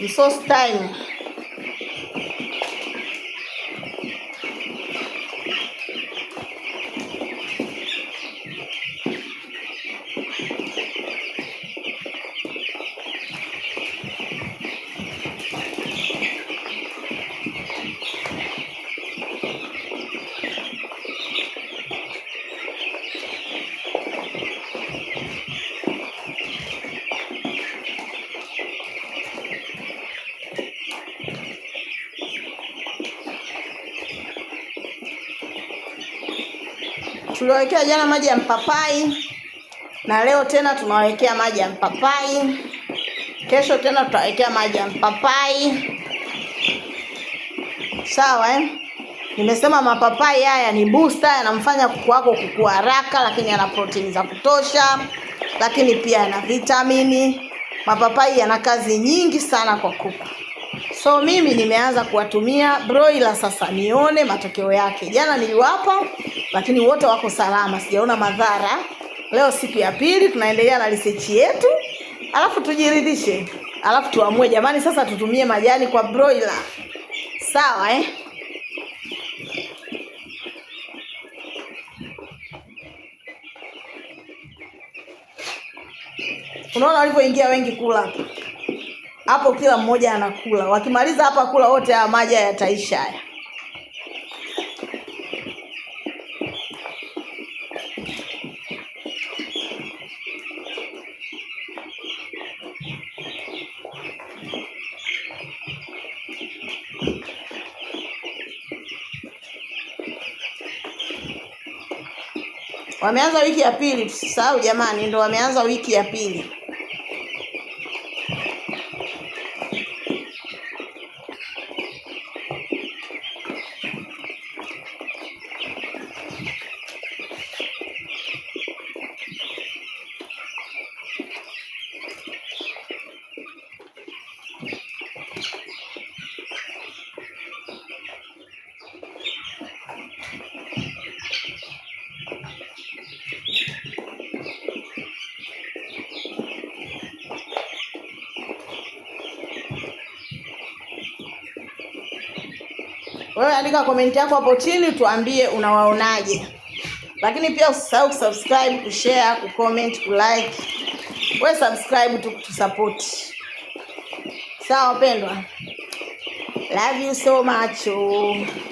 Ele sustém. Tuliwawekea jana maji ya mpapai na leo tena tunawawekea maji ya mpapai, kesho tena tutawekea maji ya mpapai. Sawa eh? Nimesema mapapai haya ni booster, yanamfanya kuku wako kukua haraka, lakini yana protini za kutosha, lakini pia yana vitamini. Mapapai yana kazi nyingi sana kwa kuku. So mimi nimeanza kuwatumia broiler sasa, nione matokeo yake. Jana niliwapa, lakini wote wako salama, sijaona madhara. Leo siku ya pili, tunaendelea na research yetu, alafu tujiridhishe, alafu tuamue jamani, sasa tutumie majani kwa broiler, sawa eh? Unaona walivyoingia wengi kula hapo, kila mmoja anakula. Wakimaliza hapa kula wote, haya maji yataisha haya. Wameanza wiki ya pili, tusisahau jamani, ndo wameanza wiki ya pili. Wewe andika komenti yako hapo chini, tuambie unawaonaje. Lakini pia usisahau kusubscribe, kushare, kucomment, kulike. Wewe subscribe tu kutusupport. Sawa wapendwa, love you so much.